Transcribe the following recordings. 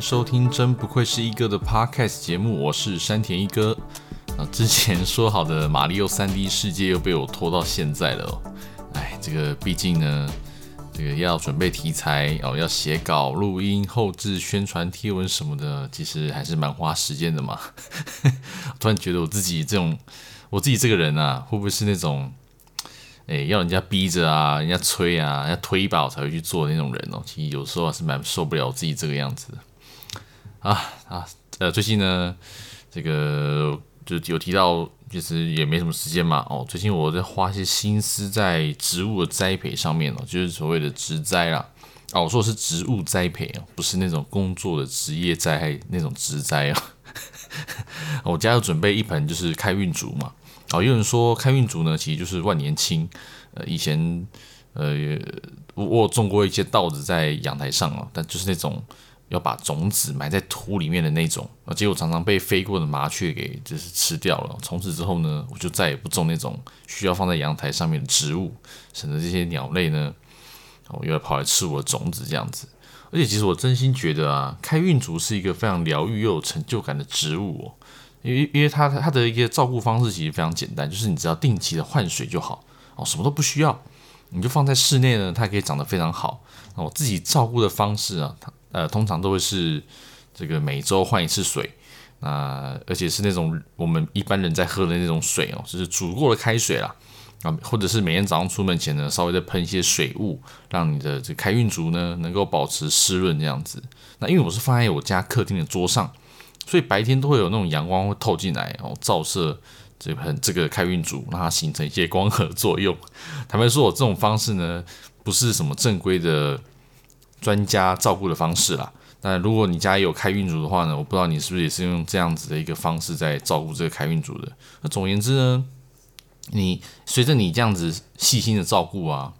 收聽真不愧是一哥的 Podcast 節目，我是山田一哥。啊，之前說好的《瑪利歐 3D 世界》又被我拖到現在了。哎，這個畢竟呢，這個要準備題材哦，要寫稿、錄音、後製、宣傳貼文什麼的，其實還是蠻花時間的嘛。 突然覺得我自己這種，我自己這個人啊，會不會是那種，哎，要人家逼着啊，人家催啊，人家推一把我才會去做的那種人哦？其實有時候還是蠻受不了自己這個樣子的。啊啊，呃、啊，最近呢，這個就有提到，其實也沒什麼時間嘛。哦，最近我在花些心思在植物的栽培上面哦，就是所謂的植栽啦。哦，我說的是植物栽培哦，不是那種工作的職業栽，還那種植栽啊。 我家要準備一盆就是開運竹嘛。哦，有人說開運竹呢，其實就是萬年青。呃，以前呃，我，我種過一些稻子在陽台上啊，但就是那種。要把種子埋在土裡面的那種，而結果常常被飛過的麻雀給就是吃掉了。從此之後呢，我就再也不種那種需要放在陽台上面的植物，省得這些鳥類呢，我又要跑來吃我的種子這樣子。而且，其實我真心覺得啊，開運竹是一個非常療癒又有成就感的植物哦，因為因為它它的一個照顧方式其實非常簡單，就是你只要定期的換水就好，哦，什麼都不需要，你就放在室內呢，它可以長得非常好。那，哦，我自己照顧的方式啊，它呃，通常都會是這個每周換一次水，那而且是那種我們一般人在喝的那種水哦，就是煮過的開水啦，啊，或者是每天早上出門前呢，稍微再噴一些水霧，讓你的這個開運竹呢能夠保持濕潤這樣子。那因為我是放在我家客廳的桌上，所以白天都會有那種陽光會透進來哦，照射這盆這個開運竹，讓它形成一些光合作用。坦白說，我這種方式呢不是什麼正規的。專家照顧的方式啦，那如果你家有開運竹的話呢，我不知道你是不是也是用這樣子的一個方式在照顧這個開運竹的。那總而言之呢，你隨着你這樣子細心的照顧啊，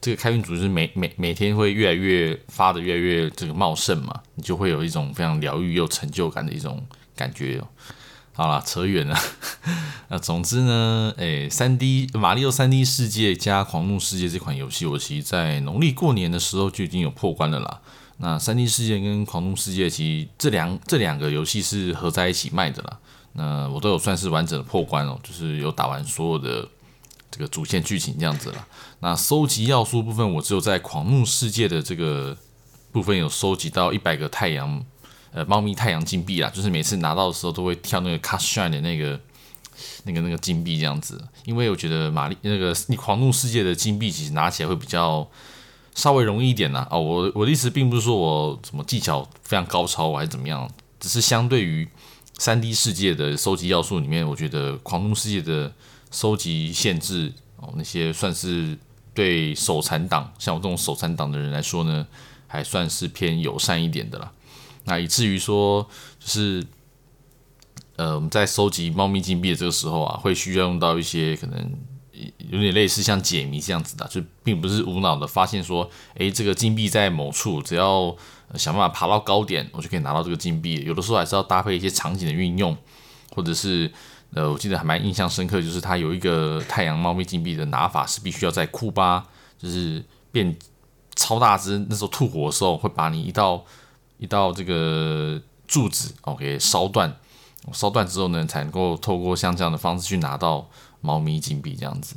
這個開運竹是每每每天會越來越發的越來越這個茂盛嘛，你就會有一種非常療癒又成就感的一種感覺。好啦，扯遠了。那總之呢，誒、欸，三 D《馬里奧三 D 世界》加《狂怒世界》這款遊戲，我其實，在農曆過年的時候就已經有破關了啦。那《三 D 世界》跟《狂怒世界》其實這兩這兩個遊戲是合在一起賣的啦。那我都有算是完整的破關哦，就是有打完所有的這個主線劇情這樣子啦。那收集要素部分，我只有在《狂怒世界》的這個部分有收集到一百個太陽。呃，貓咪太陽金幣啦，就是每次拿到的時候都會跳那個 Cat Shine 的那個、那個、那個金幣這樣子，因為我覺得瑪麗那個你狂怒世界的金幣其實拿起來會比較稍微容易一點啦。哦，我我的意思並不是說我怎麼技巧非常高超我還是怎麼樣，只是相對於三 D 世界的收集要素裡面，我覺得狂怒世界的收集限制哦那些算是對手殘黨，像我這種手殘黨的人來說呢，還算是偏友善一點的啦。那以至於說，就是，呃，我們在收集貓咪金幣的這個時候啊，會需要用到一些可能有點類似像解謎這樣子的，就並不是無腦的發現說，誒，這個金幣在某處，只要想辦法爬到高點，我就可以拿到這個金幣。有的時候還是要搭配一些場景的運用，或者是，呃，我記得還蠻印象深刻，就是它有一個太陽貓咪金幣的拿法是必須要在庫巴就是變超大只，那時候吐火的時候會把你一道。一道這個柱子，哦，OK，給燒斷，燒斷之後呢，才能夠透過像這樣的方式去拿到貓咪金幣這樣子。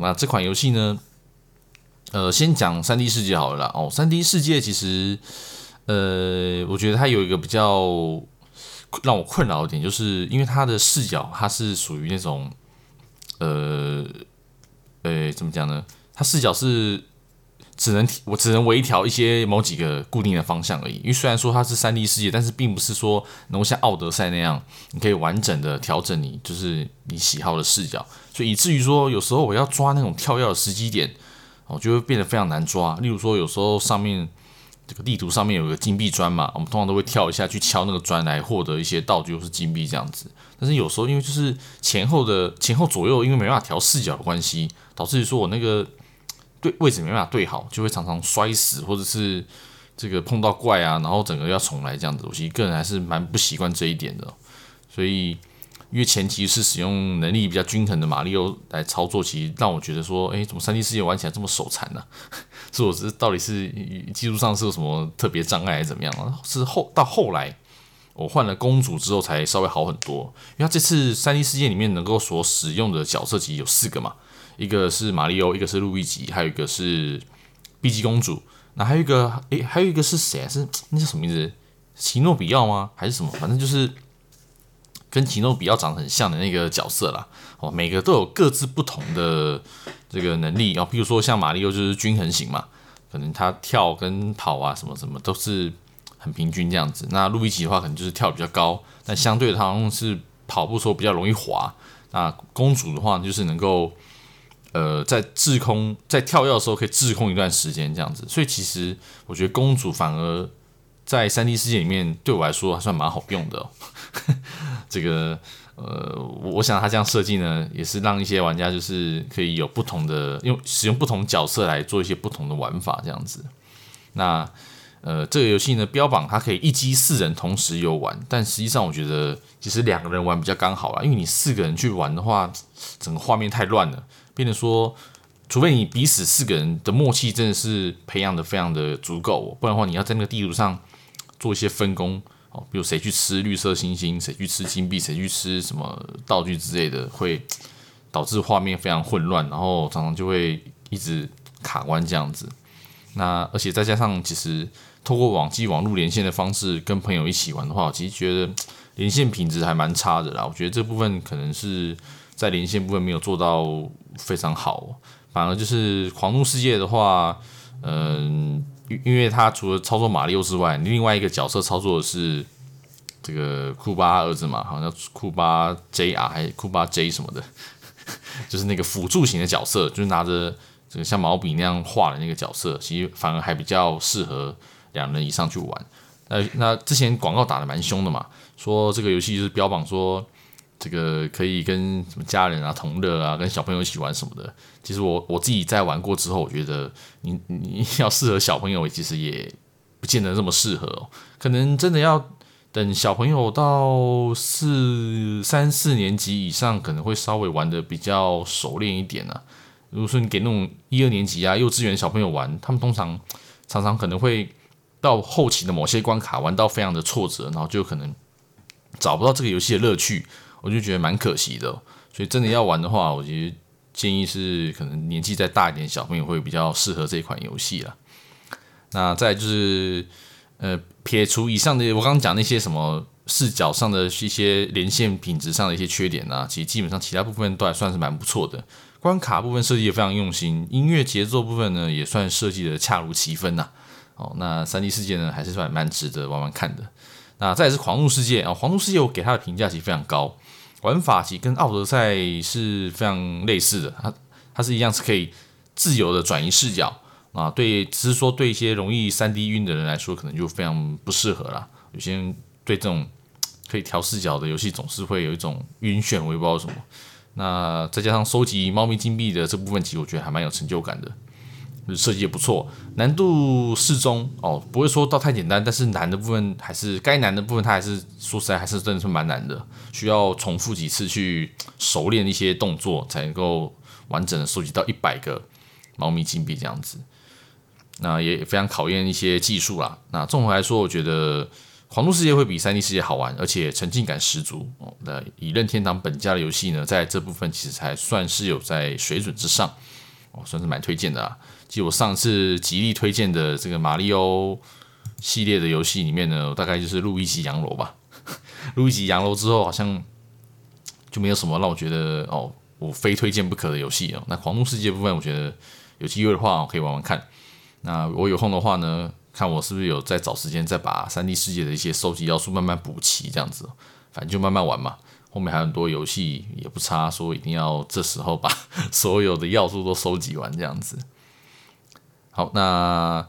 那這款遊戲呢，呃，先講 3D 世界好了啦。哦，3D 世界其實，呃，我覺得它有一個比較讓我困擾的點，就是因為它的視角，它是屬於那種，呃，呃，欸，怎麼講呢？它視角是。只能我只能微調一些某幾個固定的方向而已，因為雖然說它是 3D 世界，但是並不是說能夠像《奧德賽》那樣，你可以完整的調整你就是你喜好的視角，所以以至於說有時候我要抓那種跳躍的時機點，我、哦、就會變得非常難抓。例如說有時候上面這個地圖上面有個金幣磚嘛，我們通常都會跳一下去敲那個磚來獲得一些道具或是金幣這樣子，但是有時候因為就是前後的前後左右因為沒辦法調視角的關係，導致於說我那個。對位置沒辦法對好，就會常常摔死，或者是這個碰到怪啊，然後整個要重來這樣子。我其實個人還是蠻不習慣這一點的，所以因為前期是使用能力比較均衡的瑪利歐來操作，其實讓我覺得說，哎，怎麼三 D 世界玩起來這麼手殘呢？是我是到底是技術上是有什麼特別障礙，還是怎麼樣？是後到後來我換了公主之後，才稍微好很多。因為他這次三 D 世界裡面能夠所使用的角色其實有四個嘛。一個是馬裡奧，一個是路易吉，還有一個是碧姬公主。那還有一個誒、欸，還有一個是誰啊？是那叫什麼名字？奇諾比奧嗎？還是什麼？反正就是跟奇諾比奧長得很像的那個角色啦。哦，每個都有各自不同的這個能力啊。哦，比如說像馬裡奧就是均衡型嘛，可能他跳跟跑啊什麼什麼都是很平均這樣子。那路易吉的話，可能就是跳得比較高，但相對他用是跑步時候比較容易滑。那公主的話，就是能夠。呃，在滯空在跳躍的時候可以滯空一段時間，這樣子。所以其實我覺得公主反而在 3D 世界裡面，對我來說還算蠻好用的哦。 這個呃，我想它這樣設計呢，也是讓一些玩家，就是可以有不同的，用使用不同角色來做一些不同的玩法，這樣子。那呃，這個遊戲呢，標榜它可以一機四人同時遊玩，但實際上我覺得其實兩個人玩比較剛好啦，因為你四個人去玩的話，整個畫面太亂了。變成說，除非你彼此四個人的默契真的是培養得非常的足夠，哦，不然的話，你要在那個地圖上做一些分工哦，比如誰去吃綠色星星，誰去吃金幣，誰去吃什麼道具之類的，會導致畫面非常混亂，然後常常就會一直卡關這樣子。那而且再加上，其實透過網際網路連線的方式跟朋友一起玩的話，我其實覺得連線品質還蠻差的啦。我覺得這部分可能是。在連線部分沒有做到非常好，反而就是《狂怒世界》的話，嗯、呃，因為它除了操作馬力歐之外，另外一個角色操作的是這個庫巴兒子嘛，好像庫巴 JR 還庫巴 J 什麼的，就是那個輔助型的角色，就是拿着這個像毛筆那樣畫的那個角色，其實反而還比較適合兩人以上去玩。那那之前廣告打得蠻兇的嘛，說這個遊戲就是標榜說。這個可以跟什麼家人啊、同樂啊，跟小朋友一起玩什麼的。其實我我自己在玩過之後，我覺得你你要適合小朋友，其實也不見得這麼適合哦。可能真的要等小朋友到四三四年級以上，可能會稍微玩得比較熟練一點啊。如果說你給那種一二年級啊、幼稚園小朋友玩，他們通常常常可能會到後期的某些關卡玩到非常的挫折，然後就可能找不到這個遊戲的樂趣。我就覺得蠻可惜的哦，所以真的要玩的話，我覺得建議是可能年紀再大一點小朋友會比較適合這一款遊戲了。那再就是呃撇除以上的我剛剛講那些什麼視角上的一些連線品質上的一些缺點呢啊，其實基本上其他部分都還算是蠻不錯的。關卡部分設計也非常用心，音樂節奏部分呢也算設計的恰如其分吶啊。哦，那 3D 世界呢還是算蠻值得玩玩看的。那再是狂怒世界啊，狂怒世界我給他的評價其實非常高。玩法其實跟《奧德賽》是非常類似的，它它是一樣是可以自由的轉移視角啊，對，只是說對一些容易 3D 暈的人來說，可能就非常不適合了。有些人對這種可以調視角的遊戲，總是會有一種暈眩，我也不知道什麼。那再加上收集貓咪金幣的這部分，其實我覺得還蠻有成就感的。設計也不錯，難度適中哦，不會說到太簡單，但是難的部分還是該難的部分，它還是說實在還是真的是蠻難的，需要重複幾次去熟練一些動作，才能夠完整的收集到一百個貓咪金幣這樣子。那也非常考驗一些技術啦。那綜合來說，我覺得《狂怒世界》會比《3D 世界》好玩，而且沉浸感十足哦。那以任天堂本家的遊戲呢，在這部分其實才算是有在水準之上，哦，算是蠻推薦的啊。就我上次極力推薦的這個瑪利歐系列的遊戲裡面呢，大概就是路易吧，呵呵，《路易吉洋樓》吧，《路易吉洋樓》之後好像就沒有什麼讓我覺得哦，我非推薦不可的遊戲哦。那《狂怒世界》部分，我覺得有機會的話，哦，我可以玩玩看。那我有空的話呢，看我是不是有在找時間，再把《3D 世界》的一些收集要素慢慢補齊，這樣子，哦，反正就慢慢玩嘛。後面還有很多遊戲也不差，說一定要這時候把所有的要素都收集完，這樣子。好，那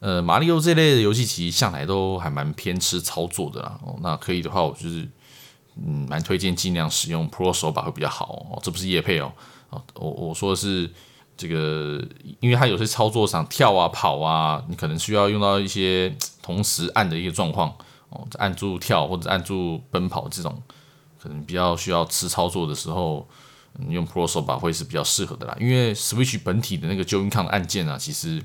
呃，瑪利歐這類的遊戲其實向來都還蠻偏吃操作的啦。哦，那可以的話，我就是嗯，蠻推薦盡量使用 Pro 手把會比較好哦。哦，這不是業配哦，哦，我我說的是這個，因為它有些操作上跳啊、跑啊，你可能需要用到一些同時按的一些狀況哦，按住跳或者按住奔跑這種，可能比較需要吃操作的時候。嗯、用 Pro 手把會是比較適合的啦，因為 Switch 本體的那個 Joy-Con 按鍵啊，其實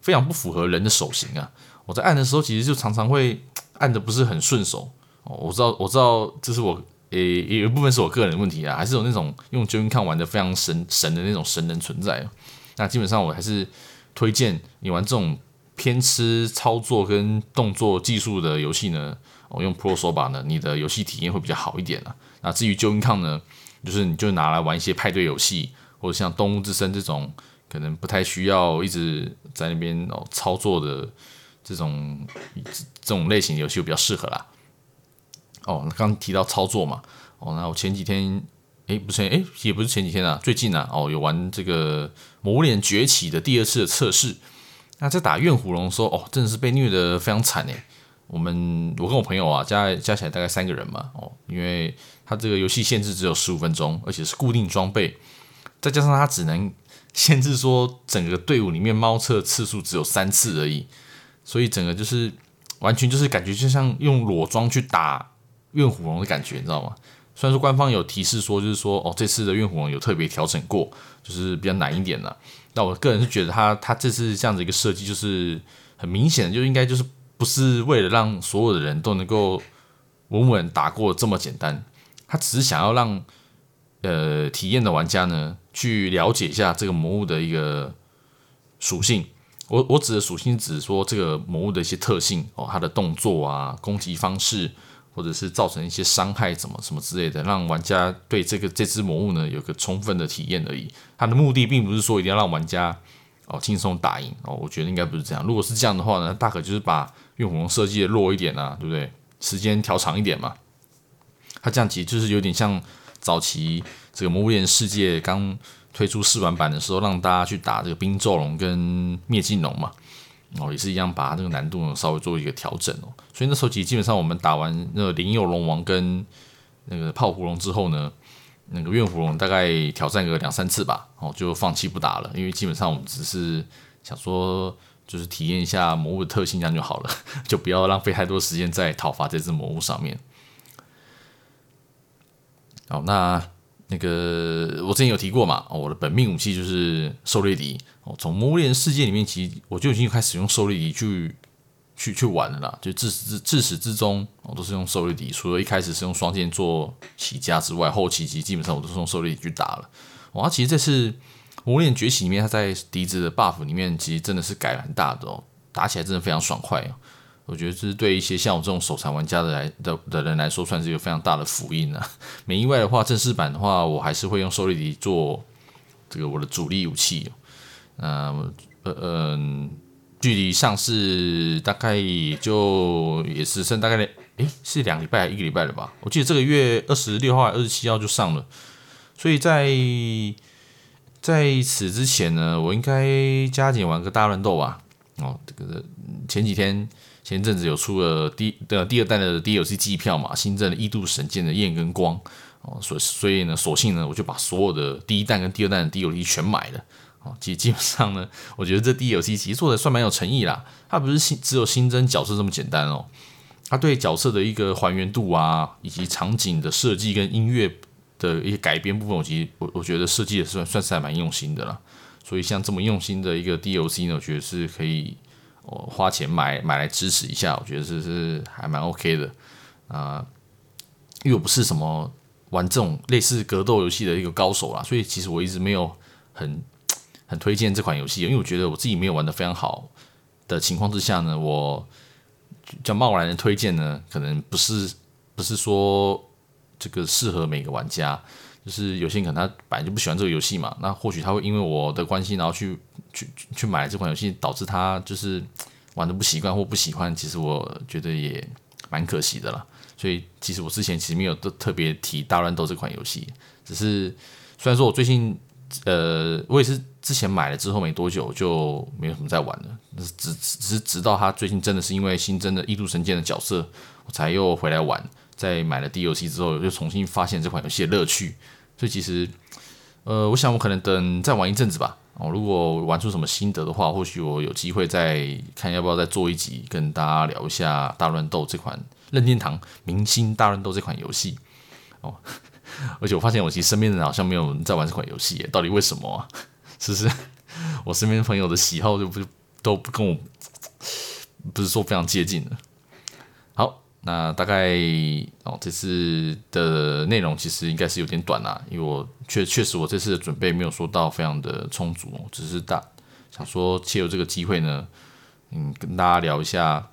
非常不符合人的手型啊。我在按的時候，其實就常常會按的不是很順手。哦。我知道，我知道，這是我誒，欸、有一部分是我個人的問題啊，還是有那種用 Joy-Con 玩的非常神神的那種神人存在啊。那基本上我還是推薦你玩這種偏吃操作跟動作技術的遊戲呢。我、哦、用 Pro 手把呢，你的遊戲體驗會比較好一點啊。那至於 Joy-Con 呢？就是你就拿來玩一些派對遊戲，或者像動物之森這種，可能不太需要一直在那邊操作的這種這種類型遊戲比較適合啦。哦，剛提到操作嘛，哦，那我前幾天哎、欸、不是哎、欸、也不是前幾天啊，最近啊哦有玩這個《魔物獵人崛起》的第二次的測試，那在打怨虎龍的時候，哦真的是被虐的非常慘哎、欸。我們我跟我朋友啊，加加起來大概三個人嘛，哦，因為他這個遊戲限制只有十五分鐘，而且是固定裝備，再加上他只能限制說整個隊伍裡面貓車次數只有三次而已，所以整個就是完全就是感覺就像用裸裝去打怨虎龍的感覺，你知道嗎？雖然說官方有提示說就是說哦，這次的怨虎龍有特別調整過，就是比較難一點了，那我個人是覺得他他這次這樣子一個設計就是很明顯的就應該就是。不是為了讓所有的人都能夠穩穩打過這麼簡單，他只是想要讓呃體驗的玩家呢去了解一下這個魔物的一個屬性。我我指的屬性只說這個魔物的一些特性哦，它的動作啊、攻擊方式，或者是造成一些傷害怎麼什麼之類的，讓玩家對這個這只魔物呢有個充分的體驗而已。他的目的並不是說一定要讓玩家哦輕鬆打贏哦，我覺得應該不是這樣。如果是這樣的話呢，大可就是把怨虎龍設計的弱一點啊，對不對？時間調長一點嘛，他、啊、這樣其實就是有點像早期這個《魔物獵人世界》剛推出試玩版的時候，讓大家去打這個冰咒龍跟滅盡龍嘛，哦，也是一樣，把它這個難度稍微做一個調整，哦、所以那時候其實基本上我們打完那個靈佑龍王跟那個泡狐龍之後呢，那個怨虎龍大概挑戰個兩三次吧，哦，就放棄不打了，因為基本上我們只是想說。就是體驗一下魔物的特性這樣就好了， 就不要浪費太多時間在討伐這隻魔物上面。好，那那個我之前有提過嘛，我的本命武器就是狩獵笛。哦，從魔物獵人世界裡面，其實我就已經開始用狩獵笛去去去玩了，就自始至自始至終，我都是用狩獵笛。除了一開始是用雙劍做起家之外，後期其實基本上我都是用狩獵笛去打了。哇，其實這次。魔獵崛起裡面，它在笛子的 buff 裡面，其實真的是改了很大的哦，打起來真的非常爽快哦。我覺得這是對一些像我這種手殘玩家的來的的人來說，算是一個非常大的福音呢、啊。沒意外的話，正式版的話，我還是會用狩獵笛做這個我的主力武器。嗯，呃呃，呃，距離上市大概就也是剩大概，哎，是兩個禮拜還是一個禮拜了吧？我記得這個月二十六號、二十七號就上了，所以在。在此之前呢，我應該加緊玩個大亂鬥吧。哦，這個前幾天前陣子有出了第呃第二彈的 DLC 季票嘛，新增了異度神劍的焰跟光。哦，所以所以呢，索性呢，我就把所有的第一彈跟第二彈的 DLC 全買了。哦，基基本上呢，我覺得這 DLC 其實做得算蠻有誠意啦。它不是新只有新增角色這麼簡單哦，它對角色的一個還原度啊，以及場景的設計跟音樂。的一些改編部分，我其實我我覺得設計也算算是還蠻用心的啦。所以像這麼用心的一個 DLC 呢，我覺得是可以我花錢買買來支持一下。我覺得是是還蠻 OK 的啊、呃。因為我不是什麼玩這種類似格鬥遊戲的一個高手啦，所以其實我一直沒有很很推薦這款遊戲，因為我覺得我自己沒有玩得非常好的情況之下呢，我就貿然的推薦呢，可能不是不是說。這個適合每個玩家，就是有些人可能他本來就不喜歡這個遊戲嘛，那或許他會因為我的關係，然後去去去買這款遊戲，導致他就是玩的不習慣或不喜歡，其實我覺得也蠻可惜的啦。所以其實我之前其實沒有都特別提《大亂鬥》這款遊戲，只是雖然說我最近呃，我也是之前買了之後沒多久就沒有什麼在玩了，只只只是直到他最近真的是因為新增的異度神劍的角色，我才又回來玩。在買了 DLC 遊戲之後，又重新發現這款遊戲的樂趣，所以其實，呃，我想我可能等再玩一陣子吧。哦，如果玩出什麼心得的話，或許我有機會再看要不要再做一集，跟大家聊一下《大亂鬥》這款《任天堂明星大亂鬥》這款遊戲。哦，而且我發現我其實身邊人好像沒有人在玩這款遊戲，到底為什麼啊？是不是我身邊朋友的喜好就不是都跟我不是說非常接近的？好。那大概哦，這次的內容其實應該是有點短啦，因為我確確實我這次的準備沒有說到非常的充足，只是大想說借由這個機會呢，嗯，跟大家聊一下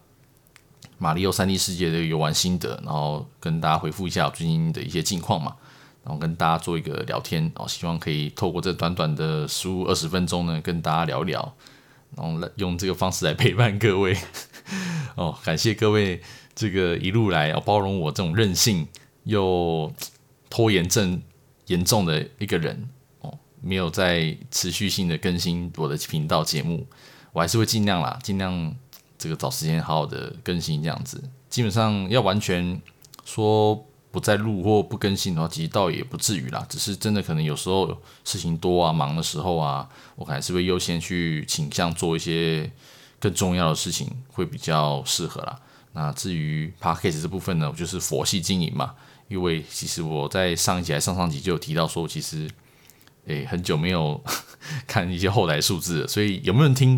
《瑪利歐 3D 世界》的遊玩心得，然後跟大家回復一下我最近的一些近況嘛，然後跟大家做一個聊天哦，希望可以透過這短短的十五二十分鐘呢，跟大家聊一聊，然後來用這個方式來陪伴各位哦，感謝各位。這個一路來包容我這種任性又拖延症嚴重的一個人哦，沒有再持續性的更新我的頻道節目，我還是會盡量啦，盡量這個找時間好好的更新這樣子。基本上要完全說不再錄、或不更新的話，其實倒也不至於啦，只是真的可能有時候事情多啊，忙的時候啊，我還是會優先去傾向做一些更重要的事情，會比較適合啦。那至於 Podcast 這部分呢，我就是佛系經營嘛，因為其實我在上一集還上上集就有提到說，其實誒、欸、很久沒有 看一些後台數字，所以有沒有人聽？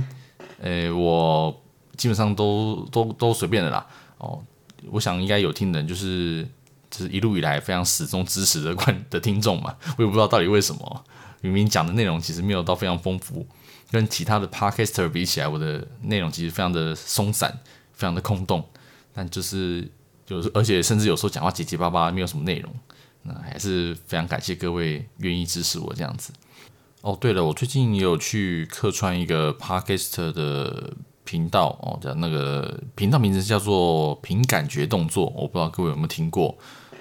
誒、欸，我基本上都都都隨便的啦。哦，我想應該有聽的人，就是就是一路以來非常始終支持的觀的聽眾嘛。我也不知道到底為什麼，明明講的內容其實沒有到非常豐富，跟其他的 podcaster 比起來，我的內容其實非常的鬆散，非常的空洞。但就是，有、就是、而且甚至有時候講話結結巴巴，沒有什麼內容。那還是非常感謝各位願意支持我這樣子。哦，對了，我最近有去客串一個 Podcast 的頻道哦，講那個頻道名字叫做“憑感覺動作”，我、哦、不知道各位有沒有聽過。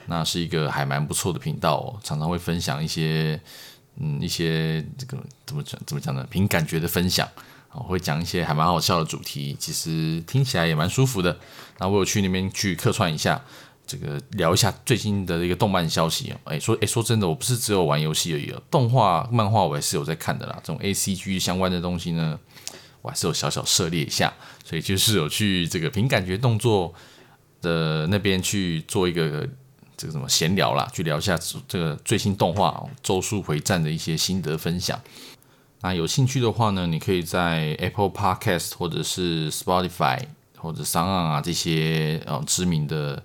那是一個還蠻不錯的頻道、哦，常常會分享一些嗯一些這個怎麼講怎麼講呢？憑感覺的分享。我會講一些還蠻好笑的主題，其實聽起來也蠻舒服的。那我有去那邊去客串一下，這個聊一下最新的一個動漫消息哦。哎，說哎，說真的，我不是只有玩遊戲而已，動畫、漫畫我也是有在看的啦。這種 A C G 相關的東西呢，我還是有小小涉獵一下。所以就是有去這個憑感覺動作的那邊去做一個這個什麼閒聊啦，去聊一下這個最新動畫《咒術迴戰》的一些心得分享。那有興趣的話呢，你可以在 Apple Podcast 或者是 Spotify 或者 SoundOn 啊這些呃知名的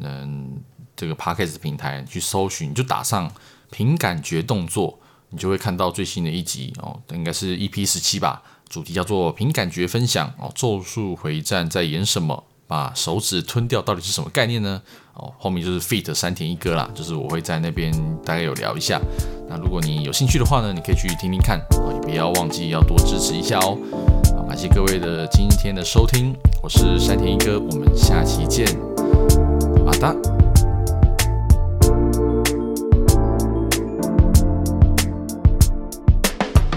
嗯這個 Podcast 平台去搜尋，就打上“憑感覺動作”，你就會看到最新的一集哦，應該是 EP 十七吧，主題叫做“憑感覺分享”，哦，咒術回戰在演什麼。把手指吞掉到底是什麼概念呢？哦，後面就是 feat. 山田一哥啦，就是我會在那邊大概有聊一下。那如果你有興趣的話呢，你可以去聽聽看哦，也不要忘記要多支持一下哦。好，感謝各位的今天的收聽，我是山田一哥，我們下期見，拜拜。